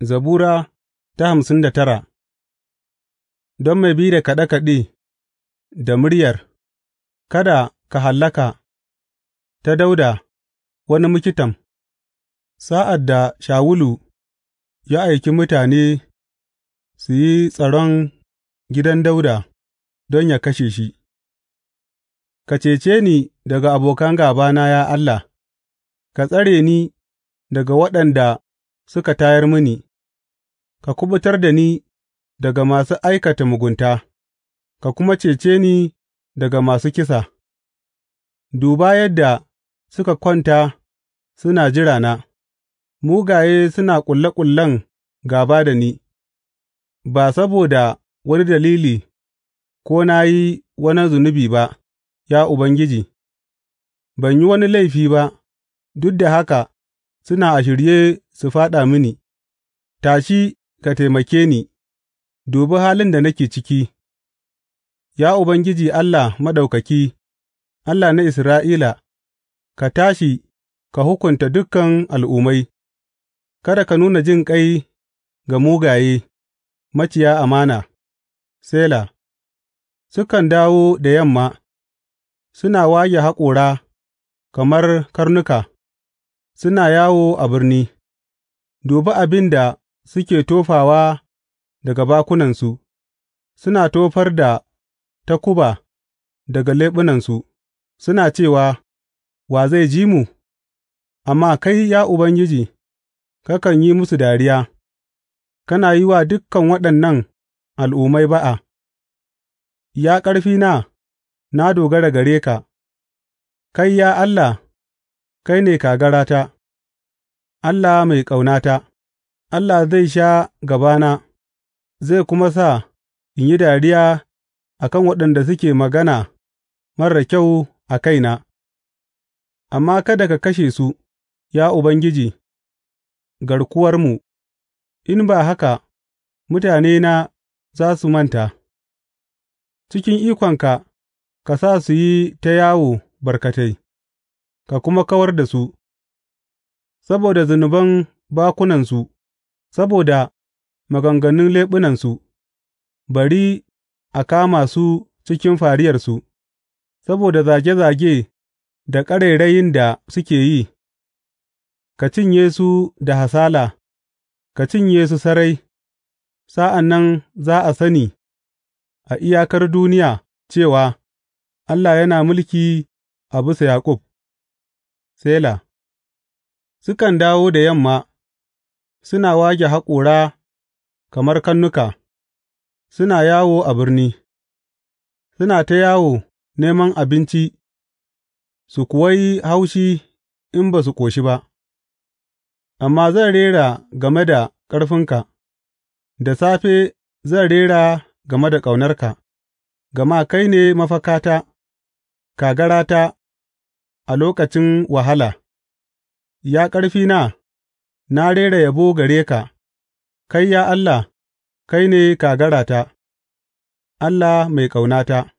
Zabura ta hamsin da tara Don mai bi da kaɗe-kaɗe da muryar, Kada ka hallaka ta Dauda wani mikitam, sa'ad da Shawulu ya aiki mutane su yi tsaron gidan Dauda, don ya kashe shi, Ka cece ni daga abokan gabana ya Allah; ka tsare ni daga waɗanda suka tayar mini. ka kuɓutar da ni daga masu aikata mugunta ka kuma cece ni daga masu kisa; duba yadda suka kwanta suna jirana, mugaye suna ƙulle ƙullen gaba da ni, ba saboda wani dalili ko na yi wani zunubi ba, ya Ubangiji, ban yi wani laifi ba, duk da haka suna a shirye su fāɗa mini; tashi! ka taimake ni, dubi halin da nake ciki, Ya Ubangiji Allah Maɗaukaki, Allah na Isra'ila, ka tashi ka hukunta dukan al'ummai, kada ka nuna jin ƙai ga mugaye, maciya amana, Sela, sukan dawo da yamma, suna wage haƙora kamar karnuka, suna yawo a birni, dubi abin da suke tofawa daga bakunansu, suna tofar da takuba daga leɓunansu, suna cewa, Wa zai ji mu? Amma kai, ya Ubangiji, kakan yi musu dariya, kana yi wa dukan waɗannan al'ummai ba'a, Ya ƙarfi na na dogara gare ka, kai, ya Allah, kai ne kagarata, Allah mai ƙaunata. Allah zai sha gabana zai kuma sa in yi dariya a kan waɗanda suke magana marar kyau a kaina, amma kada ka kashe su, ya Ubangiji, garkuwarmu, in ba haka mutanena za su manta, cikin ikonka ka sa su yi ta yawo barkatai, ka kuma kawar da su, saboda zunuban bakunansu. Saboda maganganun leɓunansu, bari a kama su cikin fariyarsu; saboda zage zage da ƙarairayin da suke yi, ka cinye su da hasala, ka cinye su sarai, sa'an nan za a sani a iyakar duniya cewa Allah yana mulki a bisa Yaƙub. Sela Sukan dawo da yamma. suna wage haƙora kamar kannuka. suna yawo a birni, suna ta yawo neman abinci su kuwa yi haushi in ba su ƙoshi ba, amma zan rera game da ƙarfinka, da safe zan rera game da ƙaunarka, gama kai ne mafakata, kagarata a lokacin wahala, ya ƙarfina. Na rera yabo gare ka, kai, ya Allah, kai ne kagarata, Allah mai ƙaunata.